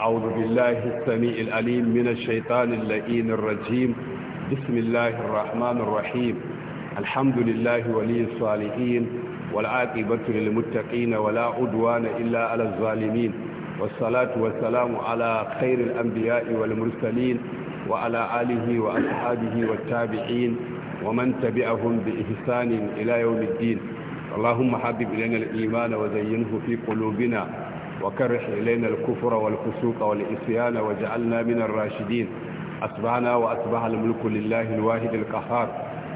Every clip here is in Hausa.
أعوذ بالله السميع العليم من الشيطان اللئين الرجيم بسم الله الرحمن الرحيم الحمد لله ولي الصالحين والعاقبة للمتقين ولا عدوان إلا على الظالمين والصلاة والسلام على خير الأنبياء والمرسلين وعلى آله وأصحابه والتابعين ومن تبعهم بإحسان إلى يوم الدين اللهم حبب إلينا الإيمان وزينه في قلوبنا وكره إلينا الكفر والفسوق والإسيان وجعلنا من الراشدين أصبحنا وأصبح الملك لله الواحد القهار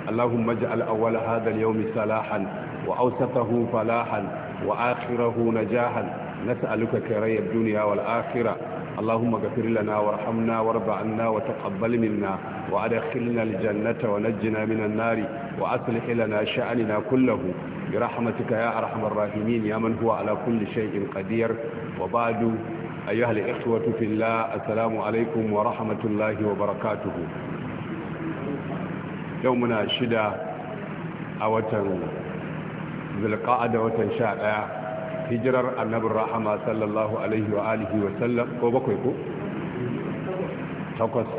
اللهم اجعل أول هذا اليوم صلاحا وأوسطه فلاحا وآخره نجاحا نسألك كري الدنيا والآخرة اللهم اغفر لنا وارحمنا وارض عنا وتقبل منا وادخلنا الجنة ونجنا من النار وأصلح لنا شأننا كله برحمتك يا أرحم الراحمين يا من هو على كل شيء قدير وبعد أيها الإخوة في الله السلام عليكم ورحمة الله وبركاته يومنا شدة أوتن ذي القاعدة وتنشاء hijirar annabin rahama sallallahu alaihi wa alihi wa sallam ko bakwai ko? takwas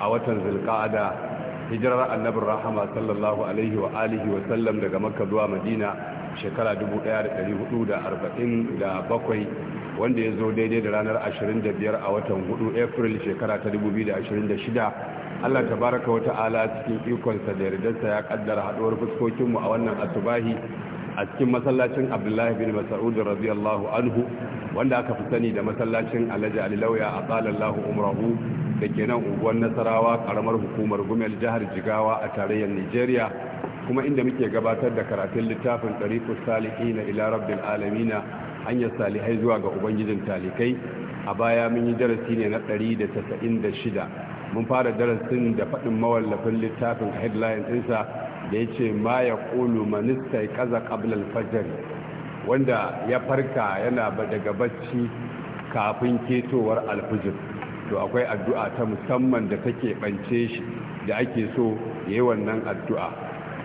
a watan zulka'ada hijirar annabin rahama sallallahu alaihi wa alihi wa sallam daga makka zuwa madina shekara 1447 wanda ya zo daidai da ranar 25 a watan 4 april shekara ta 2026 allah tabaraka wa ta'ala cikin ikonsa da yardarsa ya kaddara haduwar fuskokinmu a wannan asubahi a cikin masallacin abdullahi bin mas'ud radiyallahu anhu wanda aka fi sani da masallacin alhaji alilauya a tsalallahu umrahu da ke nan unguwar nasarawa karamar hukumar gumel jihar jigawa a tarayyar nigeria kuma inda muke gabatar da karatun littafin ɗariƙus salihina ila rabbil alamina hanyar salihai zuwa ga ubangijin talikai a baya mun yi darasi ne na 196 mun fara darasin da faɗin mawallafin littafin headline ɗinsa da ya ce ma ya ƙulu manista ya ƙaza ƙablal fajar wanda ya farka yana daga bacci kafin ketowar alfijir to akwai addu'a ta musamman da take ɓance shi da ake so yayi wannan addu'a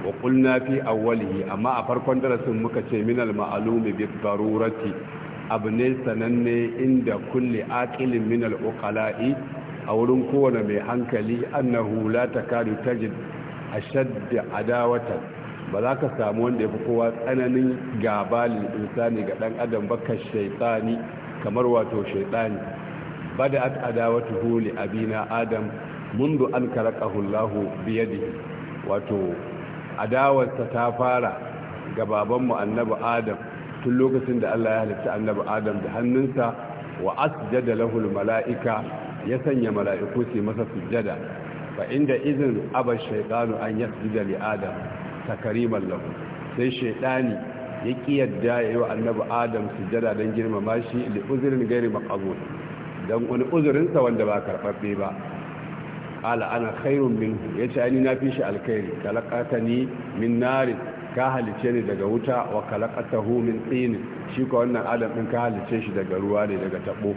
wa qulna fi awwalihi amma a farkon darasin muka ce minal ma'lumi bi darurati abu ne sananne inda kulli aqilin minal uqala'i a wurin kowane mai hankali hula annahu la a tajid ashadda adawatan ba za ka samu wanda ya fi kowa tsananin gabalin insani ga ɗan adam ba ka shaitani kamar wato shaitani بدأت أداوته لأبينا آدم منذ أن كرقه الله adawarsa ta fara ga babanmu النبي Adam tun lokacin da Allah ya halitta annabi Adam da hannunsa wa asjada lahu mala'ika ya sanya mala'iku su masa sujjada fa inda izin aba shaytanu an yasjuda li Adam takriman lahu sai shaiɗani ya kiyarda yayi wa annabi Adam sujjada dan girmama shi li uzrin ghairi don wani uzurinsa wanda ba karɓaɓɓe ba ala ana khairun min ya ce ni na fi shi alkairi kalakata ni min narin ka halice ni daga wuta wa kalakata hu min tsini shi ka wannan adam ɗin ka halice shi daga ruwa ne daga taɓo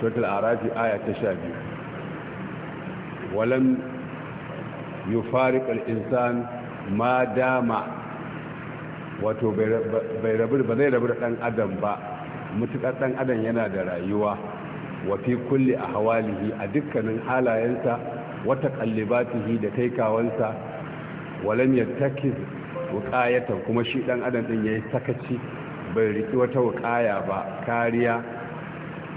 total arafi aya ta sha biyu Walan yufariq al-insan ma dama wato bai rabu ba zai rabu da ɗan adam ba mutukar ɗan adam yana da rayuwa wa fi kulli ahwalihi a dukkanin halayensa wa taqallibatihi da taikawansa walam lam yattakiz wuqayatan kuma shi dan adam din yayi sakaci bai riki wata wuqaya ba kariya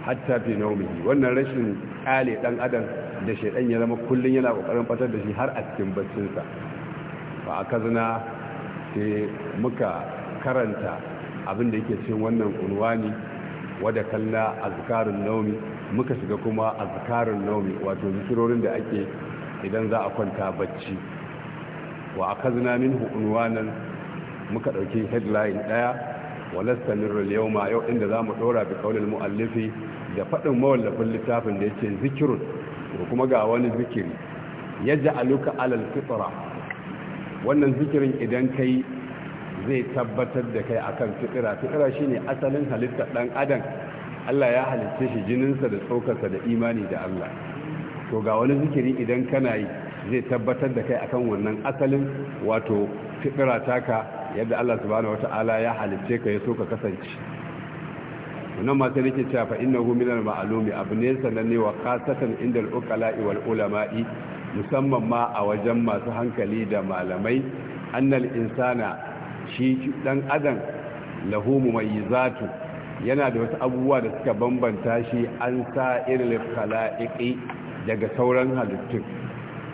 hatta fi naumihi wannan rashin kale dan adam da shedan ya zama kullun yana kokarin fatar da shi har a cikin baccinsa ba aka zina sai muka karanta abin da yake cikin wannan unwani wadda kalla zikarun naumi muka shiga kuma zikarun naumi wato zikirorin da ake idan za a kwanta bacci wa kazina min nan muka ɗauki headline ɗaya, walasta yau ma yau inda zamu dora bi kaulil muallifi da faɗin mawallafin littafin da yake zikirun ko kuma ga wani zikiri yaj'aluka alal fitra wannan zikirin idan kai zai tabbatar da kai akan fitira fitira shine asalin halittar dan adam Allah ya halitta shi jininsa da tsokarsa da imani da Allah to ga wani zikiri idan kana yi zai tabbatar da kai akan wannan asalin wato fitira taka yadda Allah subhanahu wataala ya halitta ka ya so ka kasance wannan ma sai nake cewa fa innahu al ma'lumi abu ne sanan ne wa qasatan indal uqala'i wal ulama'i musamman ma a wajen masu hankali da malamai annal insana shi dan adam lahu mumayyizatu yana da wasu abubuwa da suka bambanta shi an sa irin khala'iqi daga sauran halittu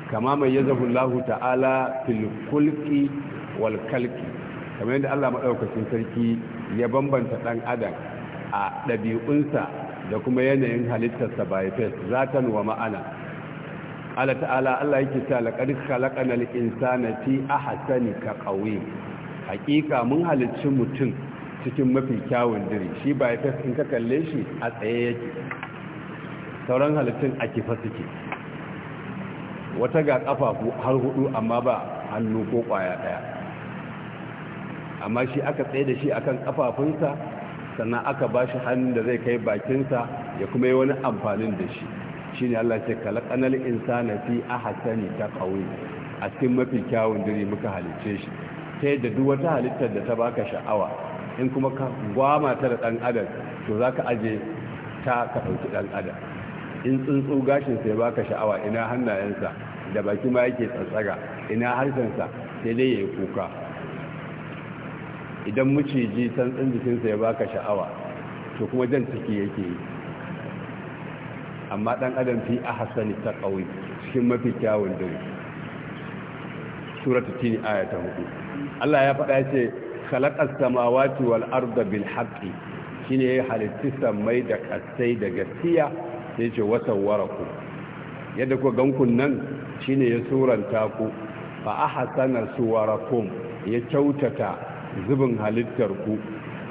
kama mai yazahu Allah ta'ala fil walkalki, wal kamar yadda Allah maɗaukacin sarki ya bambanta dan adam a ɗabi'unsa da kuma yanayin halittarsa by za zatan wa ma'ana Allah ta'ala Allah yake ta laqad khalaqana al-insana fi ahsani ka qawim hakika mun halicci mutum cikin mafi kyawun dare shi ba ya fi ka kalle shi a tsaye yake sauran halittun a kifa suke wata ga kafafu har hudu amma ba hannu ko kwaya ɗaya, amma shi aka tsaye da shi akan kafafunsa sannan aka ba shi hannun da zai kai bakinsa ya kuma yi wani amfanin da shi shi ne allah ce kalakanar insana fi a hasani ta ƙauye a cikin mafi kyawun dare muka halicce shi ta yadda duk wata halittar da ta baka sha'awa in kuma ka gwama ta da ɗan adam to za ka aje ta ka ɗauki ɗan adam in tsuntsu gashin sai baka sha'awa ina hannayensa da baki ma yake tsatsaga ina harshensa sai dai ya yi kuka idan maciji tsantsin jikinsa ya baka sha'awa to kuma jan ciki yake yi amma ɗan adam fi a hasani ta ƙauyi cikin mafi kyawun dare Surata tini aya ta hudu Allah ya faɗa ce khalaqas samawati wal arda bil haqqi shine ya halitta samai da kasai da gaskiya yace wasawwaraku yadda ku gankun nan shine ya suranta ku fa ahsana suwarakum ya kyautata zubin halittar ku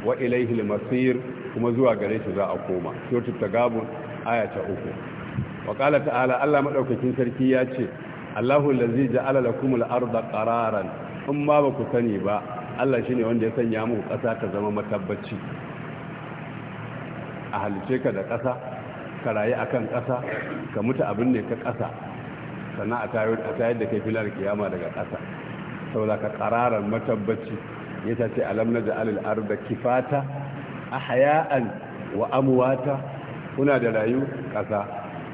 wa ilayhi al kuma zuwa gare shi za a koma suratul tagabun aya ta uku wa qala ta'ala Allah madaukakin sarki ya ce Allahu allazi ja'ala lakumul arda ƙararan. in ma ba ku sani ba Allah shi ne wanda ya sanya muku ƙasa ta zama matabbaci a halice ka da ƙasa ka rayu akan ƙasa ka mutu abin ne ka ƙasa sannan a tayar da kai filar kiyama daga ƙasa saboda ka ƙararar matabbaci ya ta ce alam na ja'alil arda kifata a haya'an wa amuwata kuna da rayu ƙasa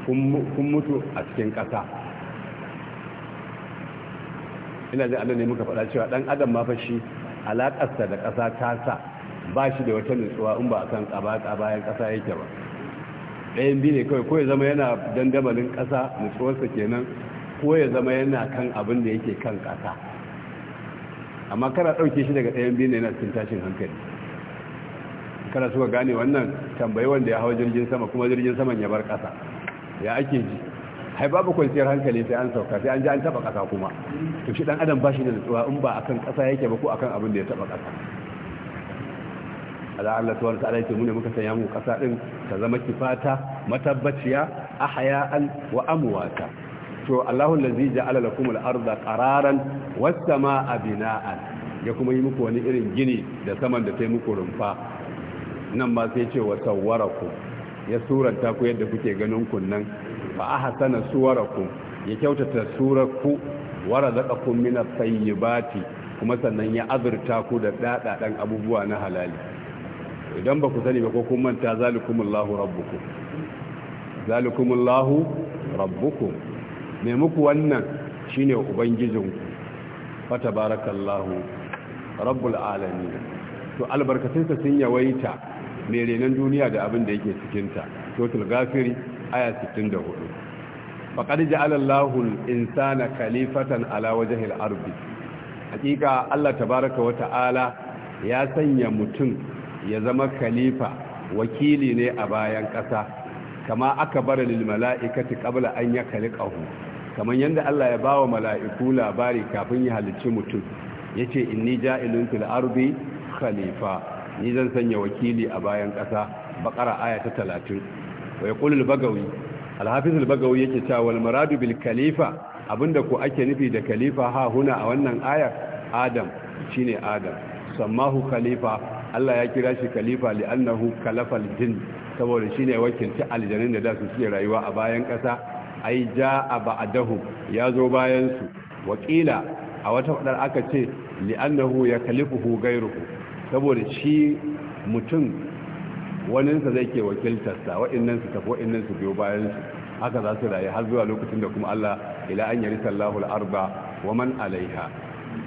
kun mutu a cikin ƙasa ina da annan ne muka faɗa cewa dan adam ma fa shi alaƙarsa da ƙasa ta sa ba shi da wata nutsuwa in ba a kan ƙaba bayan ƙasa yake ba ɗayan biyu ne kawai ko ya zama yana dandamalin ƙasa nutsuwarsa kenan ko ya zama yana kan abin da yake kan ƙasa amma kana ɗauke shi daga ɗayan bi ne yana cikin tashin hankali kana suka gane wannan tambayi wanda ya hawa jirgin sama kuma jirgin saman ya bar ƙasa ya ake ji hai babu kwanciyar hankali sai an sauka sai an ji an taba kasa kuma to shi dan adam ba shi da nutsuwa in ba akan kasa yake ba ko akan abin da ya taba kasa ala Allah tuwar ta alaike mu ne muka sanya mu kasa din ta zama kifata matabbaciya ahya'an wa amwata to Allahu allazi ja'ala lakum al-ardha qararan was samaa bina'an ya kuma yi muku wani irin gini da saman da ta rumfa nan ma sai ce wa sawwarakum ya suranta ku yadda kuke ganin kunnan fa ahsana suwarakum ya kyautata surarku wara razaqakum min at bati, kuma sannan ya azurta ku da dadadan abubuwa na halali idan ba ku sani ba ko kun manta zalikumullahu rabbukum zalikumullahu rabbukum ne muku wannan shine ubangijinku fa tabarakallahu rabbul alamin to albarkatunsa sun yawaita mai renon duniya da abin da yake cikinta totul gafiri aya 64 faqad ja'ala Allahu al-insana khalifatan ala wajhi al-ardi hakika Allah tabaaraka wa ta'ala ya sanya mutum ya zama khalifa wakili ne a bayan ƙasa kama aka bara lil mala'ikati qabla an yakhliqahu kaman yanda Allah ya bawa mala'iku labari kafin ya halicci mutum yace inni ja'ilun fil ardi khalifa ni zan sanya wakili a bayan ƙasa baqara aya ta talatin. wa yaqulu al-bagawi al bagawi yake cewa wal bil khalifa abinda ko ake nufi da khalifa ha huna a wannan ayar adam shine adam sammahu khalifa Allah ya kira shi khalifa li'annahu kalafal din saboda shine wakilci aljannin da da su suke rayuwa a bayan kasa ai jaa ba'dahu ya zo bayan su wakila a wata fadar aka ce li'annahu ya kalifuhu gairuhu saboda shi mutum waninsa zai ke wakiltarsa waɗannan su tafi waɗannan su biyo bayan su haka za su rayu har zuwa lokacin da kuma Allah ila an yari sallahu al'arba wa man alaiha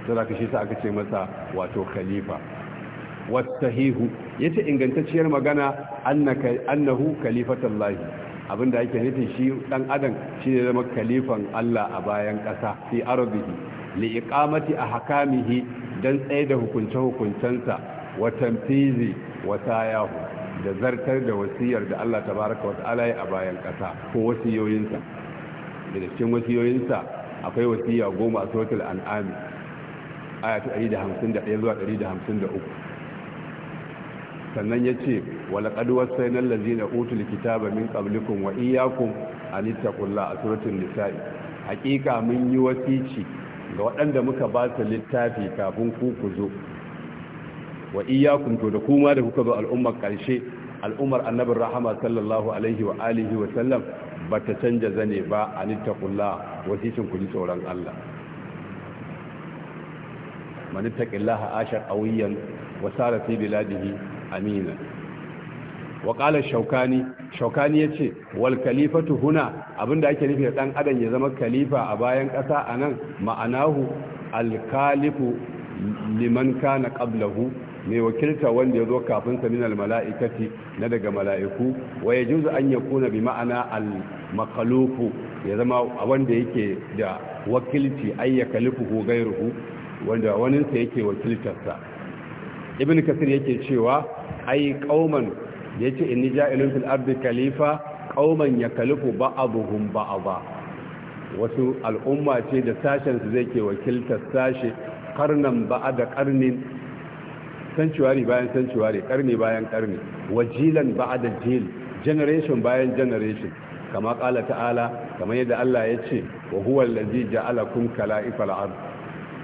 sai ka shi sa aka ce masa wato khalifa wasahihu yace ingantacciyar magana annahu annahu abin abinda yake nufi shi dan adam shine zama khalifan Allah a bayan ƙasa fi ardihi li iqamati ahkamihi dan tsaye da hukunce hukuncensa wa tanfizi wa sayahu da zartar da wasiyar da Allah ta baraka wasu ya a bayan ƙasa ko wasiyoyinsa da cikin wasiyoyinsa akwai wasiya goma a sautar al'ami aya ta 151 zuwa 153 sannan sai walaqad wasayna allazina utul kitaba min ƙablikun wa iyakun an ittaqullaha a suratul nisa'i Hakika mun yi wasici ga waɗanda muka ba su littafi kafin ku ku zo wa iyyakum to da kuma da kuka zo al'ummar karshe al'ummar annabin rahama sallallahu alaihi wa alihi wa sallam ba ta canja zane ba a nittakullah wasicin ku ji tsoron Allah a ashar awiyan wa sara fi biladihi amina wa qala shaukani shaukani ce, wal khalifatu huna abinda ake nufi da dan adam ya zama khalifa a bayan kasa anan ma'anahu al kalifu liman kana qablahu mai wakilta wanda ya zo kafin sa minal mala'ikati na daga mala'iku wa juzu an kuna bi ma'ana al ya zama wanda yake da wakilci kalifu ko gairuhu wanda waninsa yake wakiltarsa ibn kasir yake cewa ai qauman yace inni ja'ilun fil ardi khalifa qauman yakalifu ba'dhum ba'dha wasu al'umma ce da sashen su zai ke wakiltar sashe karnan da karnin sanctuary bayan sanctuary karni bayan karni wajilan ba'da jil generation bayan generation kama kala ta'ala kama yadda Allah ya ce wa huwa allazi ja'alakum kala'ifal ard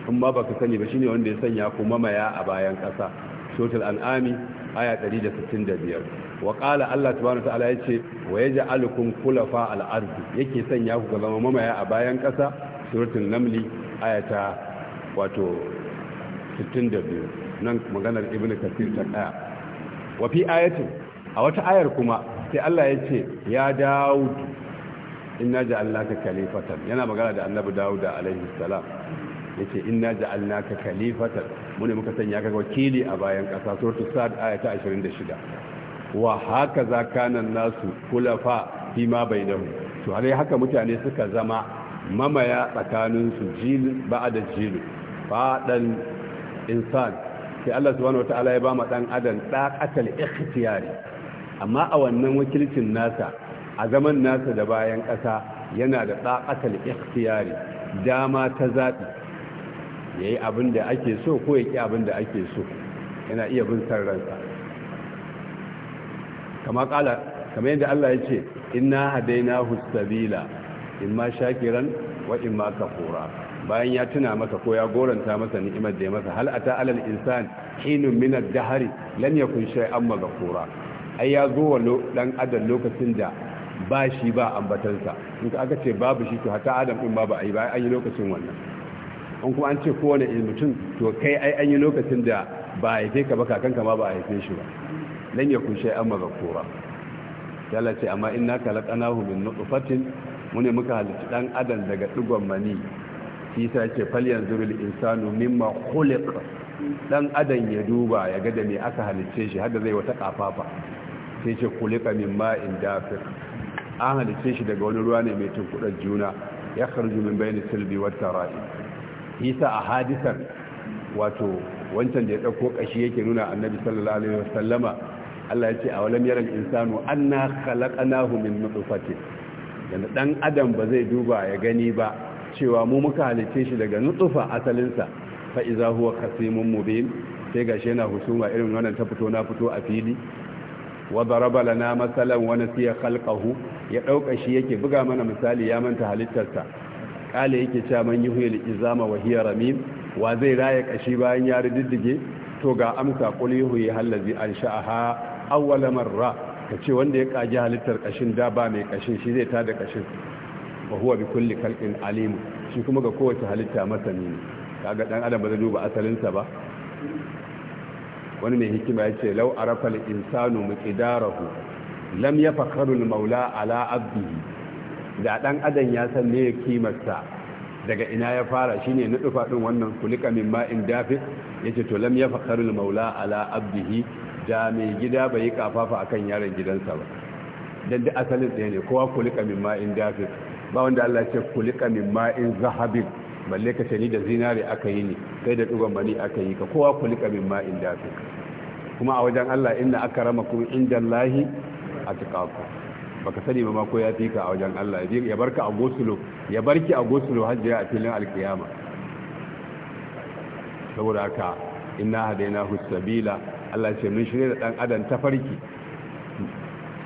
amma baka sani ba shine wanda ya sanya ku mamaya a bayan kasa suratul an'ami aya 165 wa qala Allah subhanahu ta'ala ya ce wa yaj'alukum khulafa al ard yake sanya ku zama mamaya a bayan kasa suratul namli aya ta wato 62 nan maganar ibnu kasir ta daya wa fi ayatin a wata ayar kuma sai Allah ya ce ya Dawud inna ja'alnaka khalifatan yana magana da annabi Dawud alaihi salam yace inna ja'alnaka khalifatan mune muka sanya ka wakili a bayan kasa suratul sad aya ta 26 wa haka kana nasu kulafa fima bainahu to har haka mutane suka zama mamaya tsakaninsu jil ba'da jil fadan insan sai Allah subhanahu wataala ya ba mu dan adam daqatal ikhtiyari amma a wannan wakilcin nasa a zaman nasa da bayan ƙasa yana da daqatal ikhtiyari dama ta zabi yayi abin da ake so ko yake abin da ake so yana iya bin san ransa kama kala kamar yadda Allah ya ce inna hadainahu sabila imma shakiran wa imma kafura bayan ya tuna masa ko ya goranta masa ni'imar da ya masa hal ata alal insan hinun min ad-dahr lam yakun shay'an maghfura ai ya zo wallo dan adam lokacin da ba shi ba ambatansa in aka ce babu shi to hatta adam din ba ba ai ba an yi lokacin wannan an kuma an ce kowane mutum to kai ai an yi lokacin da ba a haife ka ba kakanka ma ba a haife shi ba lam yakun shay'an maghfura yalla ce amma inna khalaqnahu min nutfatin mune muka halitta dan adam daga digon mani shi ta ce falyan zurul insanu mimma khuliq dan adam ya duba ya ga da me aka halice shi hada zai wata kafafa sai ce khuliqa mimma indafir an halice shi daga wani ruwa ne mai tunkudar juna ya kharju min bayni silbi wat tara'i isa a hadisan wato wancan da ya dauko kashi yake nuna annabi sallallahu alaihi wasallama Allah ya ce a walam yaran insanu anna khalaqnahu min nutfatin dan adam ba zai duba ya gani ba cewa mu muka halice shi daga nutsufa asalinsa fa iza huwa qasimun mubin sai gashi yana husuma irin wannan ta fito na fito a fili wa daraba lana masalan wa nasiya khalqahu ya dauka shi yake buga mana misali ya manta halittarsa kale yake cewa man yuhil izama wa hiya ramim wa zai raya kashi bayan ya riddige to ga amsa qul yuhi allazi ansha'aha awwala marra kace wanda ya kaji halittar kashin da ba mai kashin shi zai tada kashin fa huwa bi kulli khalqin alim shi kuma ga kowace halitta masani ne kaga dan adam ba zai duba asalinsa ba wani mai hikima yace law arafa al insanu miqdarahu lam yafakharu al maula ala abdihi da dan adam ya san me kimarsa daga ina ya fara shine na dufa din wannan kulika min ma'in dafi yace to lam yafakharu al maula ala abdihi da mai gida bai kafafa akan yaron gidansa ba dan duk asalin ɗaya ne kowa kulika min ma'in dafi ba wanda Allah ce kulika min ma'in zahabin balle ka ce ni da zinari aka yi ne kai da dugon mani aka yi ka kowa kulika min ma'in dafi kuma a wajen Allah inna a indallahi atqakum baka sani ba ma ko ya fi ka a wajen Allah ya barka a gosulo ya barki a gosulo hajji a filin alkiyama saboda haka inna hadainahu sabila Allah ce mun shirya da ɗan adam ta farki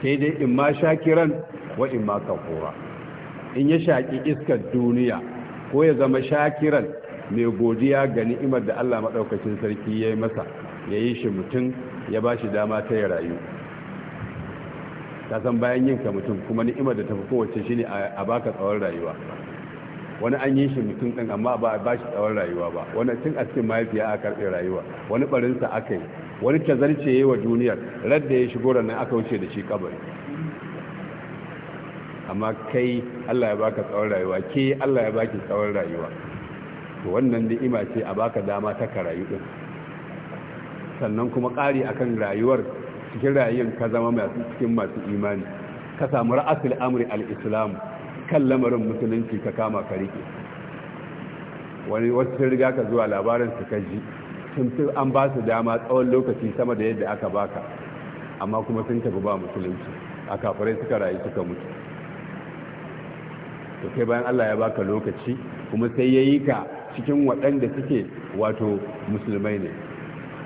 sai dai in ma sha kiran, wa in ma ka kora. in ya shaƙi iskar duniya ko ya zama shakiran mai godiya ga ni'imar da Allah maɗaukacin sarki ya yi masa ya yi shi mutum ya ba shi dama ta ya rayu ta san bayan yin ka mutum kuma ni'imar da ta fi kowace shi ne a baka tsawon rayuwa wani an yi shi mutum ɗin amma ba a ba shi tsawon rayuwa ba wani tun a mahaifiya a karɓe rayuwa wani ɓarinsa aka yi wani tazarce yi wa duniyar radda ya shigo nan aka wuce da shi kabari amma kai Allah ya baka tsawon rayuwa ke Allah ya baki tsawon rayuwa to wannan ni'ima ce a baka dama ta ka rayu din sannan kuma ƙari akan rayuwar cikin rayuwar ka zama masu cikin masu imani ka samu ra'asul amri al-islam kan lamarin musulunci ka kama ka rike wani wasu sun riga ka zuwa labarin su ka ji sun fi an ba su dama tsawon lokaci sama da yadda aka baka amma kuma sun tafi ba musulunci a kafirai suka rayu suka mutu to kai bayan Allah ya baka lokaci kuma sai ya yi ka cikin waɗanda suke wato musulmai ne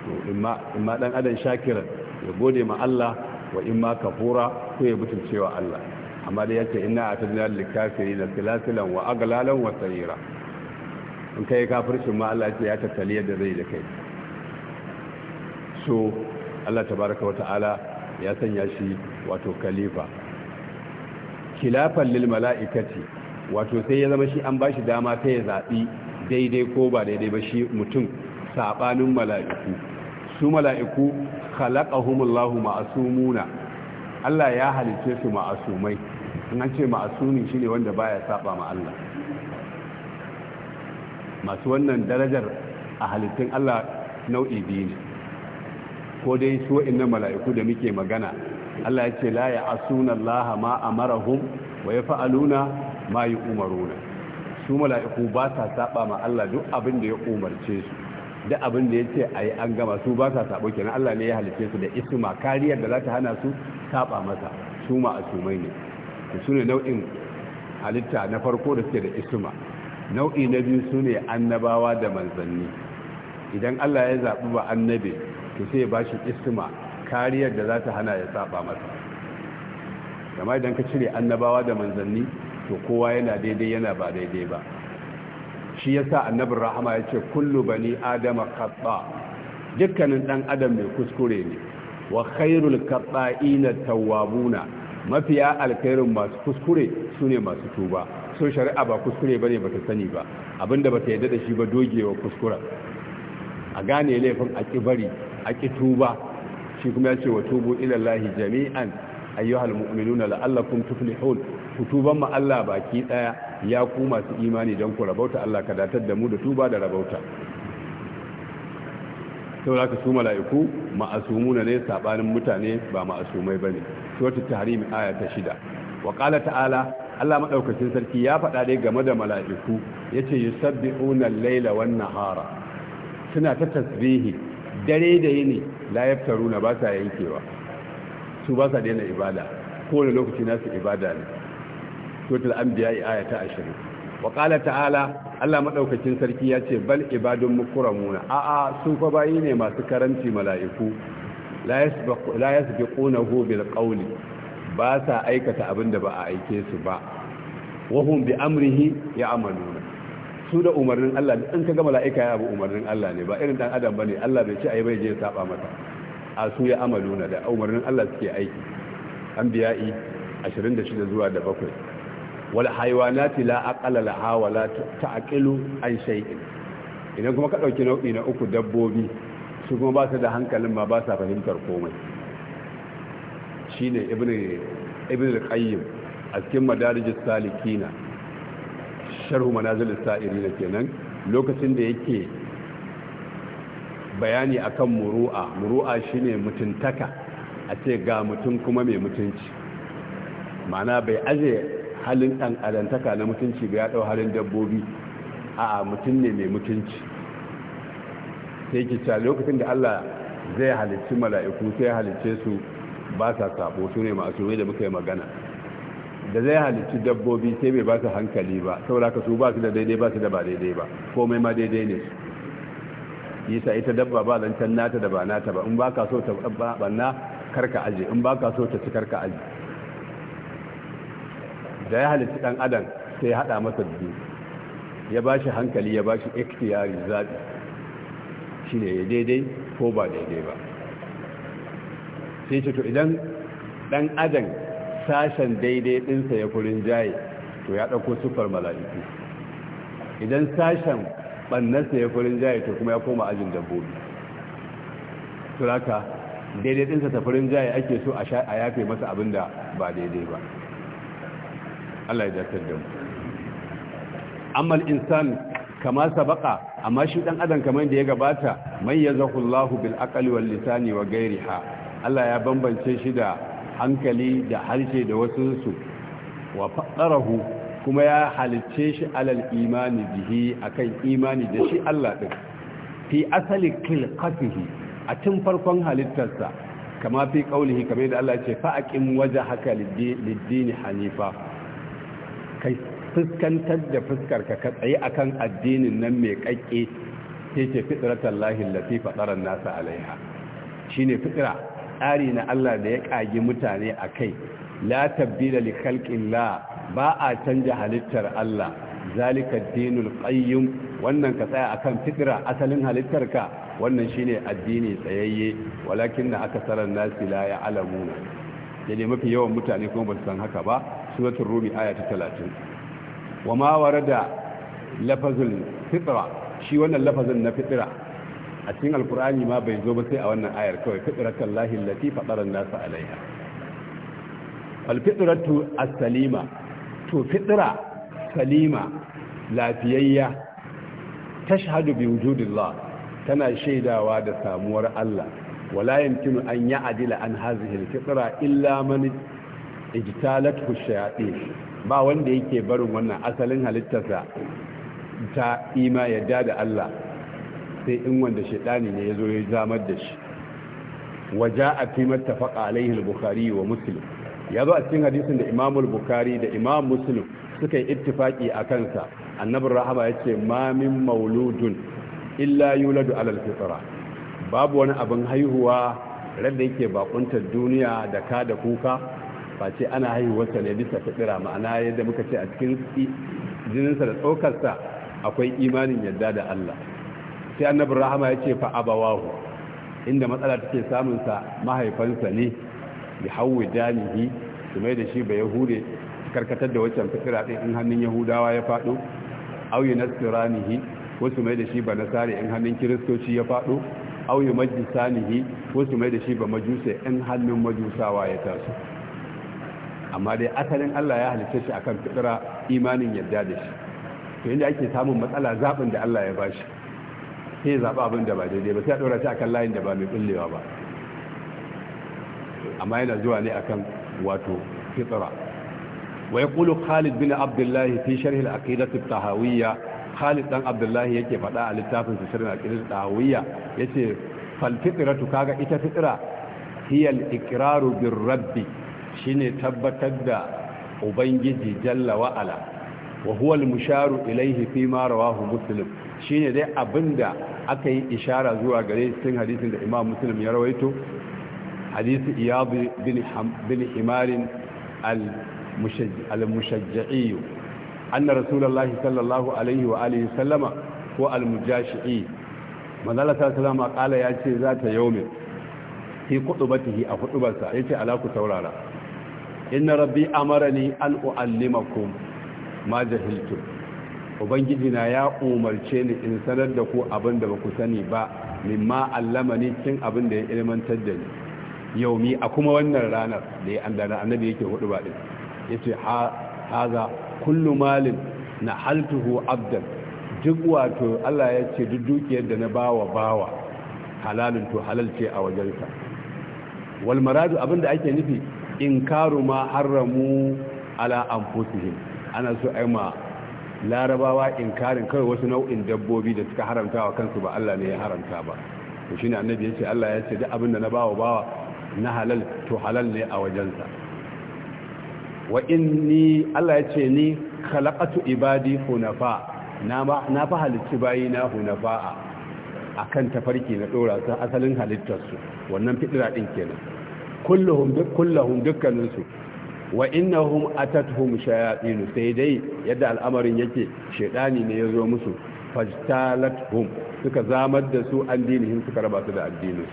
to in ma ɗan adam shakiran ya gode ma Allah wa in ma kafura ko ya butulcewa Allah amma da yace inna atadna lil na silasilan wa aglalan wa sarira in kai kafircin ma Allah ya tattali yadda zai da kai so Allah tabaraka wa ta'ala ya sanya shi wato khalifa khilafan lil mala'ikati wato sai ya zama shi an ba shi dama ta ya zaɓi daidai ko ba daidai ba shi mutum saɓanin mala'iku su mala'iku khalaqahumullahu ma'asumuna Allah ya halice su ma'asumai in an ce shi ne wanda baya ya ma Allah masu wannan darajar a halittun Allah nau'i biyu ne ko dai su nan mala'iku da muke magana Allah ya ce la a asuna laha ma marahun wa ya fa’aluna ma yi umaruna su mala'iku ba sa saba ma Allah duk abin da ya umarce su duk abin da ya ce a yi an gama su ba sa sabo kenan Allah ne ya halice su da isma kariyar da za ta hana su saba masa su ma a sumai ne su ne nau'in halitta na farko da suke da isma nau'i na biyu su ne annabawa da manzanni idan Allah ya zaɓi ba annabi to sai ba shi isma kariyar da za ta hana ya saba masa idan ka cire annabawa da manzanni to kowa yana daidai yana ba daidai ba shi yasa Annabi rahama ya ce kullu bani adama kaɓa dukkanin ɗan adam mai kuskure ne wa khairul kaɓa'ina tawwabuna mafiya alkhairin masu kuskure su masu tuba so shari'a ba kuskure bane ne ba ta sani ba abinda ba ta yadda da shi ba dogewa kuskura a gane laifin a bari a ƙi tuba shi kuma yace wa tubu ilallahi jami'an ayyuhal mu'minuna la'allakum tuflihun ku tuban ma Allah baki daya ya ku masu imani don ku rabauta Allah ka datar da mu da tuba da rabauta Sau da ka su mala'iku ma'asumuna ne sabanin mutane ba ma'asumai ne. shi tahrim aya ta shida wa ƙala ta'ala Allah maɗaukacin sarki ya faɗa dai game da mala'iku ya ce yace sabbi unan laila wan nahara suna ta tasbihi dare da yini la yaftaruna ba sa yankewa su ba sa daina ibada kowane lokaci nasu ibada ne suratul anbiya aya ta 20 wa qala ta'ala Allah madaukakin sarki ya ce bal ibadun mukramuna a a sun fa bayi ne masu karanci mala'iku la yasbiqu la yasbiqunahu bil qawli ba sa aikata abinda ba a aike su ba wa hum bi amrihi ya'maluna su da umarnin Allah in ka ga mala'ika ya abu umarnin Allah ne ba irin dan adam bane Allah bai ce ai bai je saba mata a su ya amaluna da umarnin Allah suke aiki anbiya'i 26 zuwa da 7 wal haiwanati la aqala la hawala ta'qilu an shay'in idan kuma ka dauki nau'i na uku dabbobi su kuma ba su da hankalin ma ba sa fahimtar komai shine ibnu ibnu al-qayyim a cikin madarijus salikina sharhu manazil as-sa'irin kenan lokacin da yake bayani akan muru'a muru'a shine mutuntaka a ce ga mutum kuma mai mutunci ma'ana bai aje halin ɗan adantaka na mutunci ga ya ɗau halin dabbobi a mutum ne mai mutunci sai ki ca lokacin da Allah zai halicci mala'iku sai halicce su ba sa sabo su ne masu da muka yi magana da zai halicci dabbobi sai bai ba su hankali ba sauraka su ba su da daidai ba su da ba daidai ba komai ma daidai ne su yasa ita dabba ba zancen nata da ba nata ba in ba ka so ta banna karka aji. in ba ka so ta ci karka aji da ya halitta dan adam sai ya hada masa biyu ya ba shi hankali ya ba shi ikhtiyari zaɓi shi ne ya daidai ko ba daidai ba sai ce to idan ɗan adam sashen daidai ɗinsa ya kurin jaye to ya ɗauko sufar mala'iku idan sashen ɓannarsa ya kurin jaye to kuma ya koma ajin dabbobi turaka daidai ɗinsa ta kurin jaye ake so a yafe masa abin da ba daidai ba Allah ya dace da mu ammal insan kama sabaka amma shi dan adam kaman da ya gabata mayyazahu Allahu bil aqli wal lisani wa ghayriha Allah ya bambance shi da hankali da harshe da wasu su wa faqarahu kuma ya halice shi alal imani bihi akan imani da shi Allah din fi asali khilqatihi a tun farkon halittarsa kama fi qaulihi kamar da Allah ya ce fa aqim wajhaka lid-dini hanifa kai fuskantar da fuskar ka ka a akan addinin nan mai kakke sai ce fitratan lahin lati fatsaran nasa alaiha shine fitra tsari na Allah da ya ƙagi mutane a kai la tabbila li khalqillah ba a canja halittar Allah zalika dinul qayyim wannan ka tsaya akan fitra asalin halittar ka wannan shine addini tsayayye walakin na akasaran nasi la ya'lamuna dane mafi yawan mutane kuma ba su san haka ba suratul rumi ayata ta wa ma fitra shi wannan lafazin na fitra a cikin alkur'ani ma bai zo ba sai a wannan ayar kawai fitratan lahi allati fatara an alaiha al as-salima to fitra salima lafiyayya tashhadu bi wujudillah tana shaidawa da samuwar Allah wala yumkinu an ya'dila an hadhihi al-fitra illa man ijtalat shayatin ba wanda yake barin wannan asalin halittarsa ta ima yadda da Allah sai in wanda shaitani ne yazo ya zamar da shi waja'a fi mattafaqa alaihi al-bukhari wa muslim yazo a cikin hadisin da Imam al-Bukhari da Imam Muslim suka yi ittifaki a kansa annabi rahama yace, ce mamin mauludun illa yuladu alal fitra babu wani abin haihuwa ran da yake bakuntar duniya da ka da kuka face ana haihuwarsa ne bisa fitira ma'ana yadda muka ce a cikin jininsa da tsokarsa akwai imanin yadda da Allah sai annabi rahama ya ce fa abawahu inda matsala take samunsa mahaifansa ne ya hauwe danihi su mai da shi ba yahude karkatar da waccan fitira ɗin in hannun yahudawa ya faɗo auyi ko su mai da shi ba nasari in hannun kiristoci ya faɗo auyi majisanihi su mai da shi ba majusai in hannun majusawa ya taso amma dai asalin Allah ya halitta shi akan fitira imanin yadda da shi to inda ake samun matsala zaɓin da Allah ya bashi sai zaɓa abin da ba daidai ba sai a ɗora shi akan layin da ba mai ɓullewa ba amma yana zuwa ne akan wato fitira wa Kulu Khalid bin Abdullahi fi sharh al-aqidah at-tahawiyya Khalid dan Abdullah yake faɗa a littafin sa sharh al-aqidah at-tahawiyya yace fal fitratu kaga ita fitra hiya al-iqraru bir-rabbi Shi ne tabbatar da ubangiji jalla wa'ala wa huwa al-musharu ilayhi fi ma rawahu muslim shine dai abinda aka yi ishara zuwa gare cikin hadisin da imam muslim ya rawaito hadisi iyad bin bin himar al-mushajji'i anna rasulullahi sallallahu alaihi wa alihi sallama ko al-mujashi'i manzala sallama kala yace zata yaumin fi kudubatihi a kudubarsa yace ala ku taurara inna rabbi amarani an uallimakum ma jahiltum ubangiji na ya umarce ni in sanar da ku abin da baku sani ba mimma allamani cin abin da ya ilmantar da ni yaumi a kuma wannan ranar da ya andana annabi yake hudu ba din yace haza kullu malin na haltuhu abdan duk wato Allah ya ce duk dukiyar da na bawa bawa halalin to halal ce a wajenta wal maradu abinda ake nufi In karu ma haramu ala anfusihim ana so ai ma larabawa inkarin kawai wasu nau'in dabbobi da suka haramta wa kansu ba Allah ne ya haramta ba to shine annabi yace Allah ya ce duk abin da na bawa bawa na halal to halal ne a wajensa wa inni Allah ya ce ni khalaqatu ibadi hunafa na ba na fa halicci bayi na hunafa akan tafarki na dora su asalin halittarsu wannan fidira din kenan kullahum duk kullahum dukkanin su wa innahum atatuhum shayatin sai dai yadda al'amarin yake shedani ne yazo musu fajtalathum suka zamar da su an suka raba su da addinin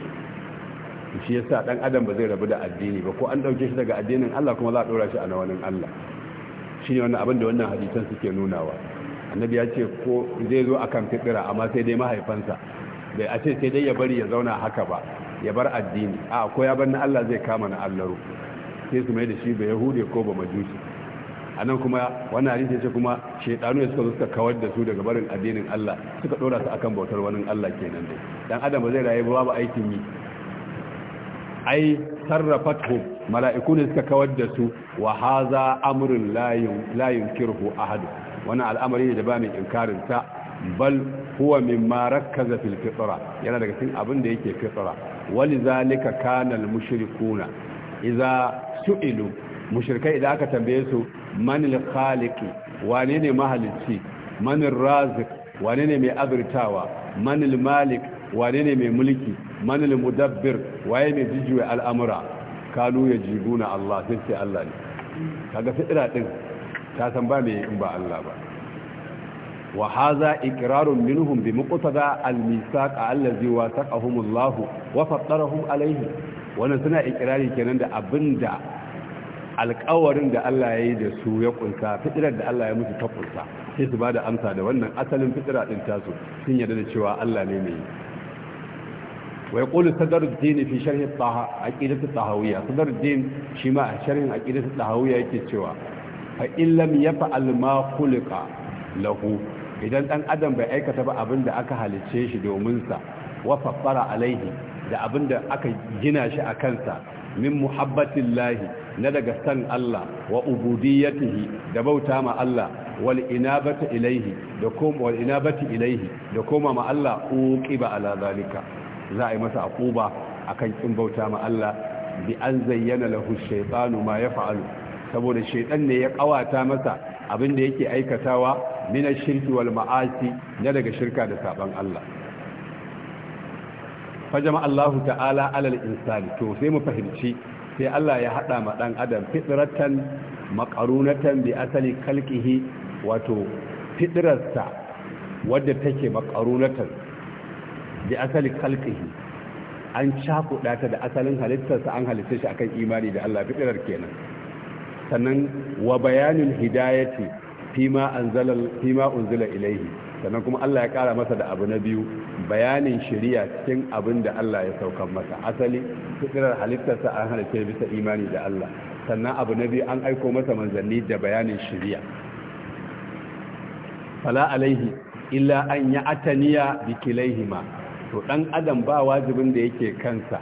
su shi yasa dan adam ba zai rabu da addini ba ko an dauke shi daga addinin Allah kuma za a dora shi a nawanin Allah shine wannan abin da wannan hadisan suke nunawa annabi ya ce ko zai zo akan fitira amma sai dai mahaifansa bai a ce sai dai ya bari ya zauna haka ba ya bar addini a ko ya bar na Allah zai kama na allaro sai su mai da shi ba Yahudi ko ba majusi a nan kuma wani hadisi ce kuma shaidanu ya suka zo suka kawar da su daga barin addinin Allah suka dora su akan bautar wani Allah kenan dai dan adam ba zai rayu ba babu aikin yi ai sarrafatuhum mala'iku ne suka kawar da su wa haza amrun la a ahad wani al'amari ne da ba mai inkarin ta bal huwa mimma rakkaza fil fitra yana daga cikin abin da yake fitra walizalika kanal mushrikuna idza su'ilu mushrikai idan aka tambaye su manil khaliqi wane ne mahalicci manil raziq wane ne mai abirtawa, manil malik wane ne mai mulki manil mudabbir waye mai jijiwe al'amura kalu ya jiguna Allah sai sai Allah ne kaga fitira din ta san ba mai in ba Allah ba wa haza iqrarun minhum bi muqtada al-misaq allazi wasaqahum Allah wa fattarahum alayhi wannan suna ikrari kenan da abinda alƙawarin da Allah ya yi da su ya kunsa fitirar da Allah ya musu ta kunsa sai su bada amsa da wannan asalin fitira din ta su, sun yarda da cewa Allah ne mai ويقول صدر الدين في شرح الطه... عقيدة الطهوية صدر الدين شما شرح عقيدة الطهوية يكتشوا فإن لم يفعل ma خلق lahu. idan dan adam bai aikata ba abin da aka halicce shi domin sa wa faffara alaihi da abin da aka gina shi a kansa min muhabbatin lahi na daga san Allah wa ubudiyatihi da bauta ma Allah wal inabata ilaihi da koma wal inabati ilaihi da koma ma Allah uqiba ala zalika za a yi masa aquba akan kin bauta ma Allah bi an zayyana lahu shaytanu ma yaf'alu saboda shaytan ne ya kawata masa abin da yake aikatawa Mina ash-shirki wal ma'asi na daga shirka da saban Allah fajama Allah ta'ala alal insani to sai mu fahimci sai Allah ya hada ma dan adam fitratan maqarunatan bi asali khalqihi wato fitrarsa wadda take maqarunatan bi asali khalqihi an cakuɗa ta da asalin halittarsa an halitta shi akan imani da Allah fitrar kenan sannan wa bayanin hidayati fima unzila ilaihi sannan kuma Allah ya kara masa da abu na biyu bayanin shari'a cikin abin da Allah ya saukan masa asali fitirar halittarsa an halitta bisa imani da Allah sannan abu na biyu an aiko masa manzanni da bayanin shari'a fala alaihi illa an ya ataniya bikilaihima to dan adam ba wajibin da yake kansa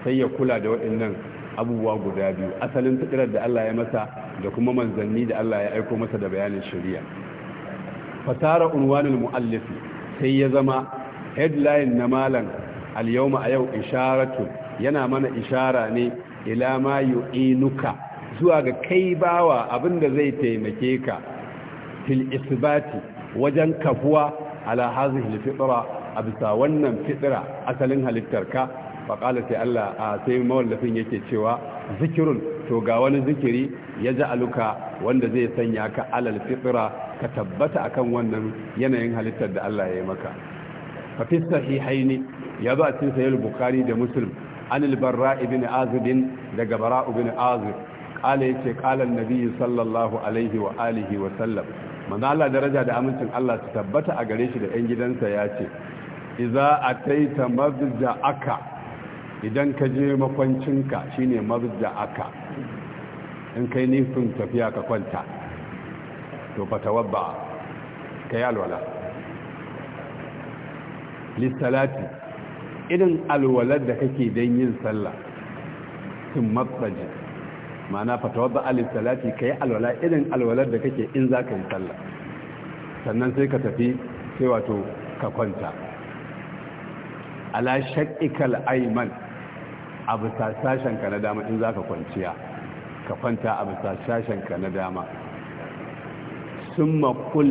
sai ya kula da waɗannan abubuwa guda biyu asalin fitirar da Allah ya masa da kuma manzanni da Allah ya aiko masa da bayanin shari'a fatara unwanul muallifi sai ya zama headline na malam al-yawma a yau isharatu yana mana ishara ne ila ma yu'inuka zuwa ga kai bawa abinda zai taimake ka fil isbati wajen kafuwa ala hazihi fitra a wannan fitira asalin halittarka faƙalar sai Allah a sai mawallafin yake cewa zikirun to ga wani zikiri ya ji aluka wanda zai sanya ka alal fitra ka tabbata akan wannan yanayin halittar da Allah ya yi maka fafista shi haini ya zo a cikin sayar bukhari da muslim an al-barra ibn daga bara ibn azib qala yace ce an-nabi sallallahu alaihi wa alihi wa sallam manzo Allah daraja da amincin Allah su tabbata a gare shi da 'yan gidansa ya ce iza a taita mabda aka idan ka je makwancinka shine marja aka in kai nufin tafiya ka kwanta to ba ka yi alwala lissalati irin alwalar da kake don yin sallah sun matsaji mana ba a lissalati ka yi alwala irin alwalar da kake in za ka yi sallah sannan sai ka tafi sai wato ka kwanta ala shakikal aiman a bisa sashen ka na dama in za ka kwanciya ka kwanta a bisa sashen ka na dama sun makul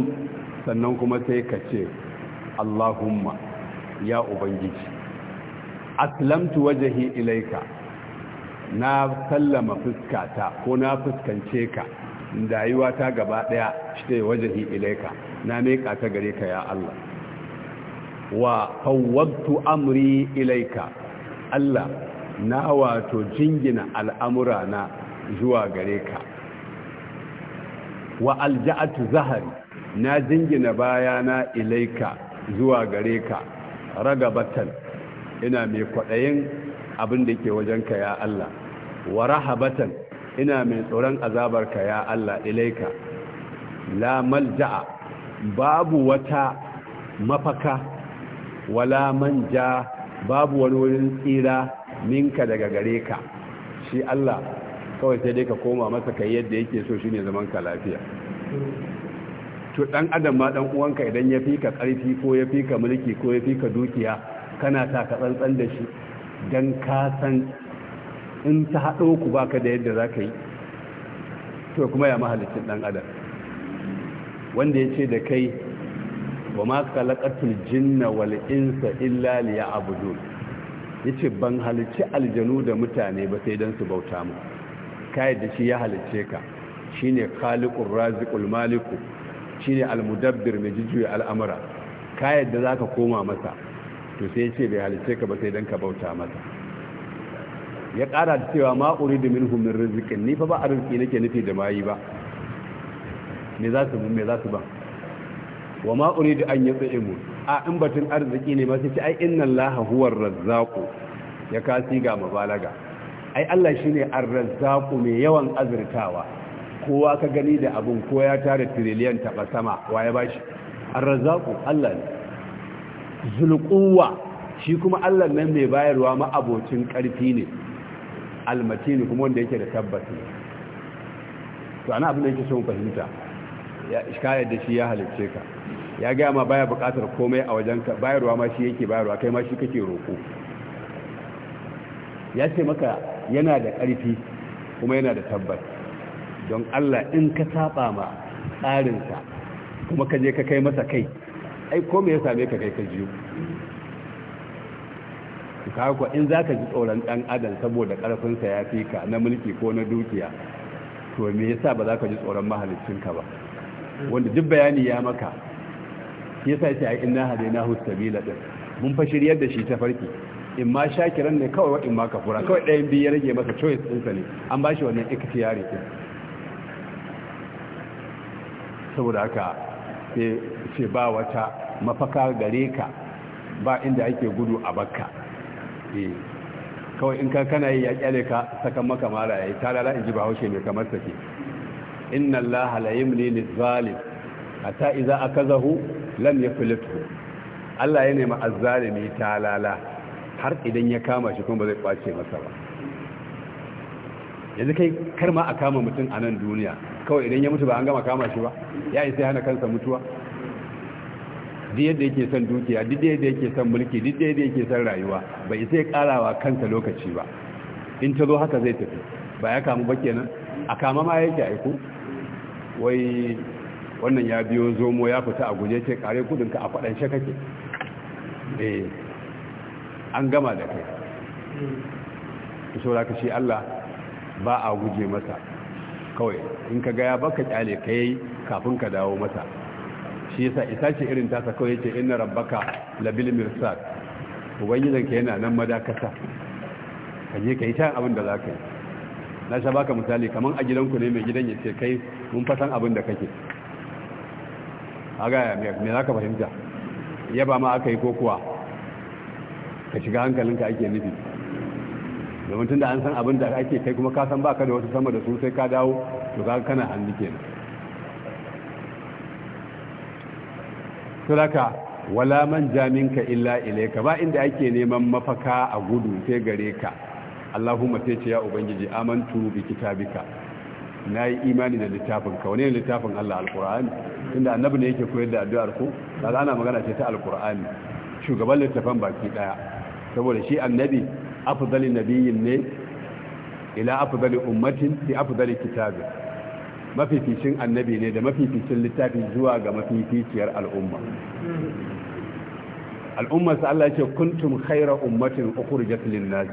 sannan kuma sai ka ce allahumma ya ubangiji aslamtu wajahi ilaika na sallama fuskata ko na fuskance ka dayuwa ta gaba daya shi wajahi ilaika na meka ta gare ka ya Allah wa fawwadtu amri ilaika Allah na wato jingina al'amura na zuwa gare ka wa alja'atu zahari na jingina baya na ilaika zuwa gare ka Raga batan, ina mai kwaɗayin abin da ke wajenka ya Allah wa raha batan, ina mai tsoron azabarka ya Allah ilaika la malja'a babu wata mafaka wala manja babu wani wurin tsira Ninka daga gare ka shi Allah kawai sai dai ka koma masa kai yadda yake so shine zaman ka lafiya to dan adam ma dan uwanka idan ya fika karfi ko ya fika mulki ko ya fika dukiya kana ta ka tsantsan da shi dan ka san in ta hado ku baka da yadda zaka yi to kuma ya mahalicin dan adam wanda yace da kai wa ma khalaqatul jinna wal insa illa liya'budun Ya ce ban halicci aljanu da mutane ba sai don su bauta mu kayan da shi ya halicce ka shi ne khaliqur raziqul maliku ne almudabbir mai jujjuya al'amura ka za ka koma masa to sai ce bai halicce ka ba sai don ka bauta masa ya kara da cewa ma'uri da min rizqin ni fa ba a rizki nake nufi da mayi ba me za su ban? Wa su ba wa ma uridu an a in batun arziki ne masu ce ai inna laha huwar razzaku ya kasi ga mabalaga ai Allah shine ar-razzaqu mai yawan azurtawa kowa ka gani da abin ko ya tare tiriliyan taba sama wa ya bashi ar Allah ne shi kuma Allah nan mai bayarwa ma abocin karfi ne ne kuma wanda yake da ne. to ana abin da yake son fahimta ya shi ya halicce ka ya gaya ma baya buƙatar komai a wajenka bayarwa ma shi yake bayarwa kai ma shi kake roƙo ya ce maka yana da ƙarfi kuma yana da tabbas don Allah in ka saba ma tsarinsa kuma ka je ka kai masa kai ai komai ya same ka kai ka jiyo kawo in za ka ji tsoron ɗan adam saboda ƙarfinsa ya fi ka na mulki ko na dukiya to me yasa ba za ka ji tsoron ka ba wanda duk bayani ya maka shi yasa ina hade na hadainahu sabila din mun fa shiryar da shi ta farki in ma shakiran ne kawai in ma kafura kawai ɗayan biyu ya rage masa choice ɗinsa ne an ba shi wannan ikhtiyari din saboda haka sai ce ba wata mafaka gare ka ba inda ake gudu a bakka eh, kawai in ka kana yi ya kyale ka sakan maka mara ta talala in ji ba haushe mai kamar sake inna ne la yumli a ta'iza idza akazahu lam ya filitku Allah ya nemi azzalimi talala har idan ya kama shi kuma ba zai kwace masa ba yanzu kai kar ma a kama mutum a nan duniya kawai idan ya mutu ba an gama kama shi ba ya sai hana kansa mutuwa duk yadda yake son dukiya duk yadda yake son mulki duk yadda yake son rayuwa bai isa ya karawa kansa lokaci ba in ta zo haka zai tafi ba ya kamu ba kenan a kama ma yake aiko wai wannan ya biyo zomo ya fita a guje ce kare kudinka a faɗan kake eh an gama da kai saboda ka shi Allah ba a guje masa kawai in ka ga ya baka kyale ka yi kafin ka dawo masa shi yasa isa ce irin tasa kawai yace inna rabbaka labil mirsad ubangijin ka yana nan madakata ka je ka yi ta abin da zaka yi na sha baka misali kaman a gidanku ne mai gidan ya ce kai mun fasan abin da kake a gaya me za ka fahimta yaba ma aka yi ko ka shiga hankalinka ake nufi domin tun da an san abin da ake kai kuma ka san baka da wasu sama da su sai ka dawo to ga kana hannu kenan suraka wala man jaminka illa ilaika ba inda ake neman mafaka a gudu sai gare ka Allahumma sai ce ya ubangiji amantu bi kitabika na yi imani da littafin ka wani littafin Allah al-Qur'ani inda annabi ne yake koyar da addu'ar ku kaga ana magana ce ta alkur'ani shugaban littafin baki daya saboda shi annabi afdalin nabiyyin ne ila afdali ummatin fi afdali kitabi mafificin annabi ne da mafificin littafi zuwa ga mafificiyar al'umma al'umma sa Allah ce kuntum khayra ummatin ukhrijat lin nas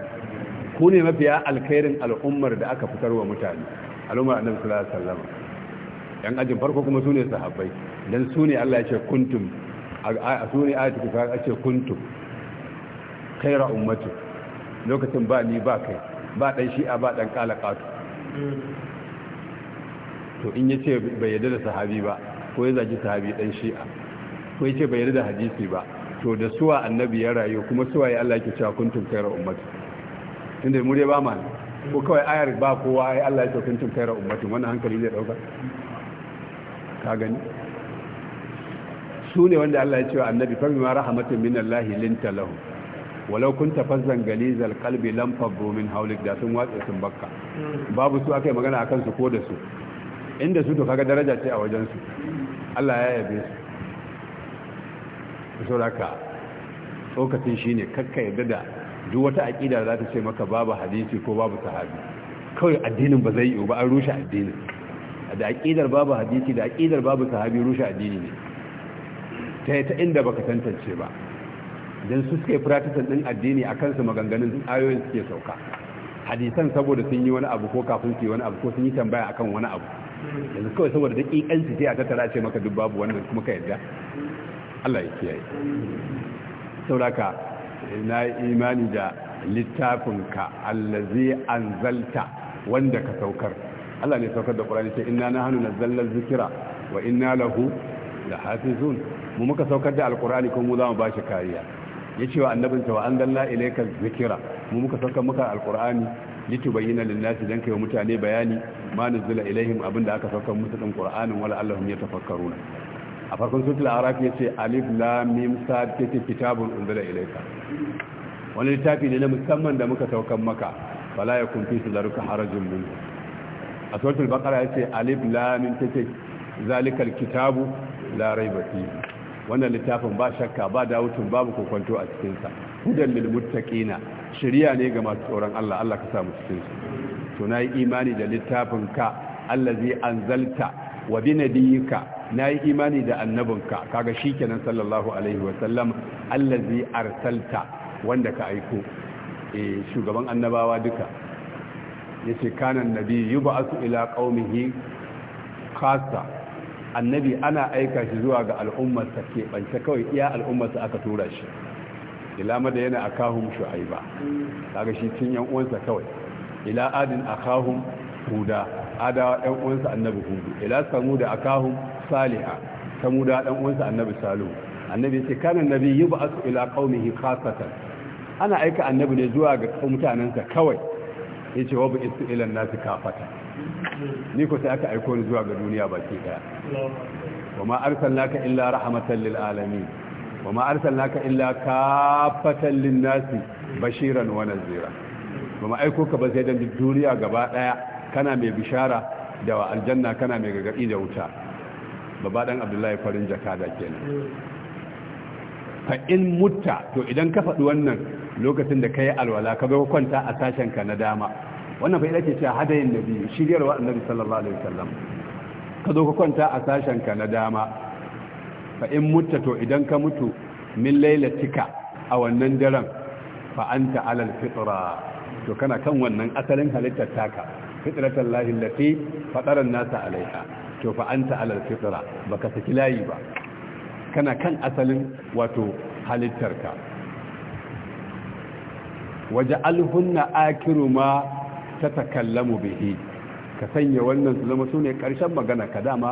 ku ne mafiya alkhairin al'ummar da aka fitarwa mutane al'umma annabi sallallahu alaihi wasallam yan ajin farko kuma sune sahabbai dan sune Allah ya ce kuntum sune ayatu kuka ya ce kuntum khaira ummati lokacin ba ni ba kai ba dan shi'a ba dan kalakatu to in yace bai yarda da sahabi ba ko ya zagi sahabi dan shi'a ko yace bai yarda da hadisi ba to da suwa annabi ya rayu kuma suwaye ya Allah yake cewa kuntum khaira ummati tunda mu dai ba mu ko kawai ayar ba kowa ai Allah ya saukin cin kaira ummatin wannan hankali zai dauka ka gani su ne wanda Allah ya ce wa annabi fami bima rahmatin min Allah linta lahu walau kunta fazzan galizal qalbi lam fadhu min hawlik da sun watsa sun bakka babu su akai magana akan su ko da su inda su to kaga daraja ce a wajen su Allah ya yabe su saboda ka tsokacin shine kakka yadda da duk wata aƙida za ta ce maka babu hadisi ko babu sahabi kawai addinin ba zai yi ba an rushe addinin da aƙidar babu hadisi da aƙidar babu sahabi rushe addini ne ta ta inda baka tantance ba don su suke practical din addini a kansu maganganun ayoyin suke sauka hadisan saboda sun yi wani abu ko kafin su yi wani abu ko sun yi tambaya akan wani abu yanzu kawai saboda daƙiƙan su sai a tattara ce maka duk babu wannan kuma ka yadda Allah ya kiyaye sauraka na imani da littafinka allazi anzalta wanda ka saukar Allah ne saukar da Qur'ani ce inna nahnu nazzalna dhikra wa inna lahu lahafizun mu muka saukar da alqur'ani kuma mu za mu bashi kariya yace wa annabinsa wa anzalna ilayka dhikra mu muka saukar maka alqur'ani litubayyana lin-nasi dan kai mutane bayani ma nazzala ilaihim abinda aka saukar musu din Qur'anin wala allahum yatafakkaruna a farkon sutul araf ya ce alif lamim sad ke ce kitabun unzila ilaika wani littafi ne na musamman da muka saukan maka fala ya kunfi su zaruka harajin mun a sutul bakara ya ce alif lamim ke ce zalikal kitabu la raiba wannan littafin ba shakka ba dawutun babu kokwanto a cikinsa hudan lil muttaqina shari'a ne ga masu tsoron Allah Allah ka samu cikin su to nayi imani da littafin ka allazi anzalta wa bi na yi imani da annabinka kaga shi kenan sallallahu alaihi wasallam allazi arsalta wanda ka aiko eh, shugaban annabawa duka ya ce kanan nabi yi ba su ila ƙaunihi kasa annabi ana aika shi zuwa ga al'ummarsa keɓance kawai iya al'ummarsa aka tura shi ila mada yana a kahun shu'aiba kaga shi cin yan uwansa kawai ila adin a kahun huda adawa yan uwansa annabi hudu ila samu da a kahun saliha samuda dan uwansa annabi salihu annabi sai kana nabi yub'athu ila qaumihi khasatan ana aika annabi ne zuwa ga mutanensa kawai yace wa isu ila nasi kafata ni ko sai aka aiko ni zuwa ga duniya baki daya wama arsalnaka illa rahmatan lil alamin wama arsalnaka illa kafatan lin nasi bashiran wa nadhira ma aiko ka ba sai dan duniya gaba daya kana mai bishara da aljanna kana mai gargadi da wuta baba ɗan abdullahi farin jakada kenan fa in mutta to idan ka faɗi wannan lokacin da ka yi alwala ka zo kwanta a sashen ka na dama wannan fa yake cewa hadayin nabi shigarwa annabi sallallahu alaihi wasallam ka zo ka kwanta a sashen ka na dama fa in mutta to idan ka mutu min lailatika a wannan daren fa anta alal fitra to kana kan wannan asalin halittar taka fitratan lahi lati fadaran nasa alaiha to fa anta alal fitra baka saki layi ba kana kan asalin wato halittarka waje alhunna akiru ma ta bihi ka sanya wannan su zama sune karshen magana ka dama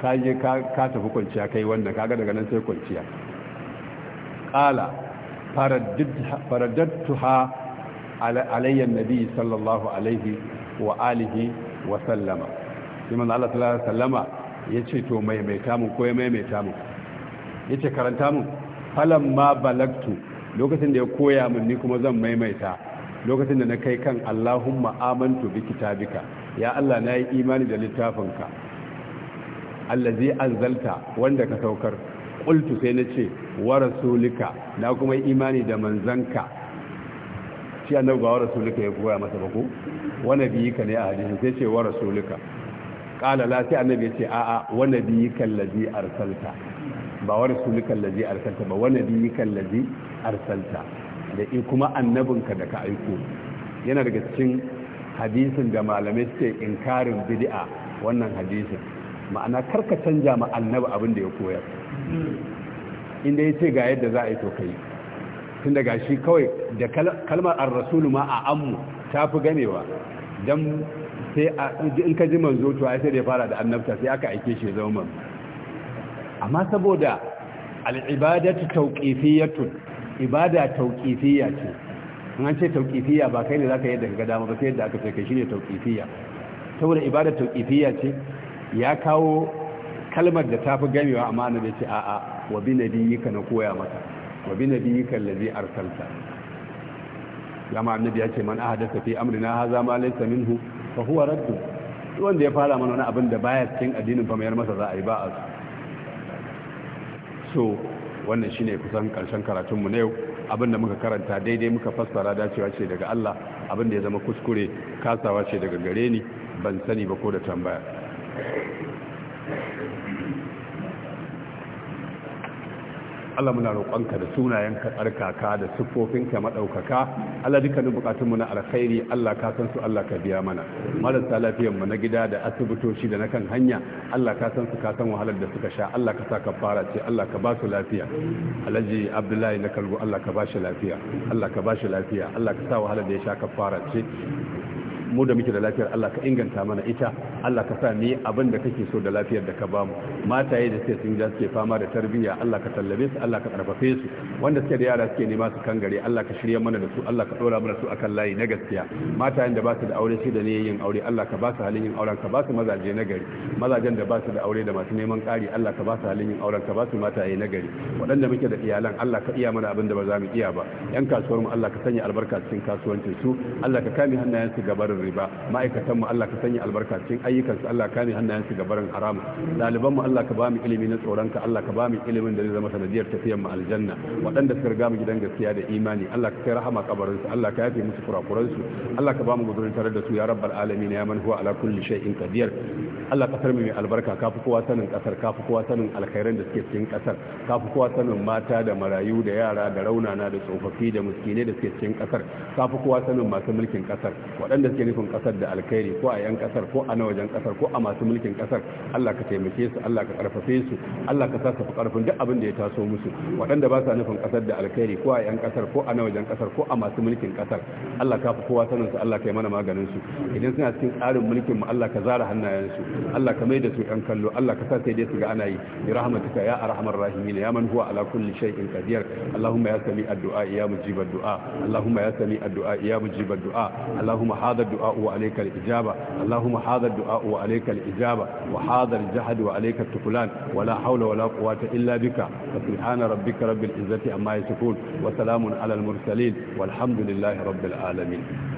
ka je ka tafi kwanciya kai wannan kaga daga nan sai kwanciya ƙala faradattuha alayyan nabi sallallahu alaihi wa alihi wa sallama sai manzo Allah sallallahu alaihi ya ce to mai mai tamu ko mai mai Ya ce karanta mu falan ma balagtu lokacin da ya koya mun ni kuma zan maimaita lokacin da na kai kan Allahumma amantu bi kitabika ya Allah na yi imani da littafinka allazi anzalta wanda ka saukar qultu sai na ce wa rasulika na kuma yi imani da manzanka shi annabi ba rasulika ya koya masa ba ko wa nabiyika ne a hadisi sai ce wa rasulika kala la sai annabi ya ce a'a wa nabiyika allazi arsalta ba wa rasulika allazi arsalta ba wa nabiyika allazi arsalta da in kuma annabinka da ka aiko yana daga cikin hadisin da malamai suke inkarin bidi'a wannan hadisin ma'ana karka canja ma annabi abin da ya koyar inda yace ga yadda za a yi to kai tun daga shi kawai da kalmar ar rasul ma a ammu ta ganewa dan sai in ka ji manzo to ai sai da ya fara da annabta sai aka aike shi zama man. amma saboda al'ibadatu tauqifiyatun ibada tauqifiyya ce an ce tauqifiyya ba kai ne zaka yadda ka gada dama ba sai yadda aka ce kai shine tauqifiyya saboda ibada tauqifiyya ce ya kawo kalmar da tafi gamewa amma da ce a'a wa bi nabiyyika na koya maka wa bi nabiyyika allazi arsalta dama annabi ya ce man ahadatha fi amrina hadha ma laysa minhu fa huwa raddu wanda ya fara mana wani abin da baya cikin addinin fa mayar masa za a yi ba a so wannan shine kusan karshen karatun mu na yau abin da muka karanta daidai muka fassara dacewa ce daga Allah abin da ya zama kuskure kasawa ce daga gare ni ban sani ba ko da tambaya Allah muna roƙonka da sunayenka tsarkaka da siffofinka maɗaukaka Allah dukkanin buƙatunmu na alkhairi Allah ka san su Allah ka biya mana marasa lafiyanmu na gida da asibitoci da na kan hanya Allah ka san su ka san wahalar da suka sha Allah ka sa ka fara ce Allah ka ba su lafiya Alhaji Abdullahi na Kalgo Allah ka ba shi lafiya Allah ka ba shi lafiya Allah ka sa wahalar da ya sha ka fara ce mu da muke da lafiyar Allah ka inganta mana ita Allah ka sa ni abin da kake so da lafiyar da ka bamu mataye da suke sun ji suke fama da tarbiyya Allah ka tallabe su Allah ka karfafe su wanda suke da yara suke nema su kan gare Allah ka shirye mana da su Allah ka dora mana su akan layi na gaskiya matayen da ba su da aure sai da ne yin aure Allah ka ba su halin yin auren ka ba su mazaje na gari mazajen da ba su da aure da masu neman ƙari Allah ka ba su halin yin auren ka ba su mataye na gari waɗanda muke da iyalan Allah ka iya mana abin da ba za mu iya ba yan kasuwar mu Allah ka sanya albarka cikin kasuwancin su Allah ka kame hannayen su gabar barin riba ma'aikatan Allah ka sanya albarka cikin ayyukan su Allah ka ne hannayen su ga barin haramu daliban Allah ka ba ilimi na tsoron ka Allah ka ba ilimin da zai zama sanadiyar tafiyar mu aljanna waɗanda suka riga mu gidan gaskiya da imani Allah ka kai rahama kabarin su Allah ka yafe musu kurakuran su Allah ka ba mu gudurin tare da su ya rabbal alamin ya man huwa ala kulli shay'in qadir Allah kasar mu mai albarka kafi kowa sanin kasar kafi kowa sanin alkhairan da suke cikin kasar kafi kowa sanin mata da marayu da yara da raunana da tsofaffi da miskinai da suke cikin kasar kafi kowa sanin masu mulkin kasar waɗanda suke nufin kasar da alkhairi ko a yan kasar ko a na wajen kasar ko a masu mulkin kasar Allah ka taimake su Allah ka karfafe su Allah ka sa karfin duk abin da ya taso musu waɗanda ba sa nufin kasar da alkhairi ko a yan kasar ko a na wajen kasar ko a masu mulkin kasar Allah ka fi kowa sanin su Allah ka yi mana maganin su idan suna cikin tsarin mulkin mu Allah ka zara hannayen su Allah ka mai da su yan kallo Allah ka sa sai dai su ga ana yi bi rahmatika ya arhamar rahimin ya man huwa ala kulli shay'in qadir Allahumma ya sami addu'a ya mujibad du'a Allahumma ya sami addu'a ya mujibad du'a Allahumma hadha وعليك الإجابة اللهم حاضر الدعاء وعليك الإجابة وحاضر الجهد وعليك التفلان ولا حول ولا قوة إلا بك فسبحان ربك رب العزة عما يصفون وسلام على المرسلين والحمد لله رب العالمين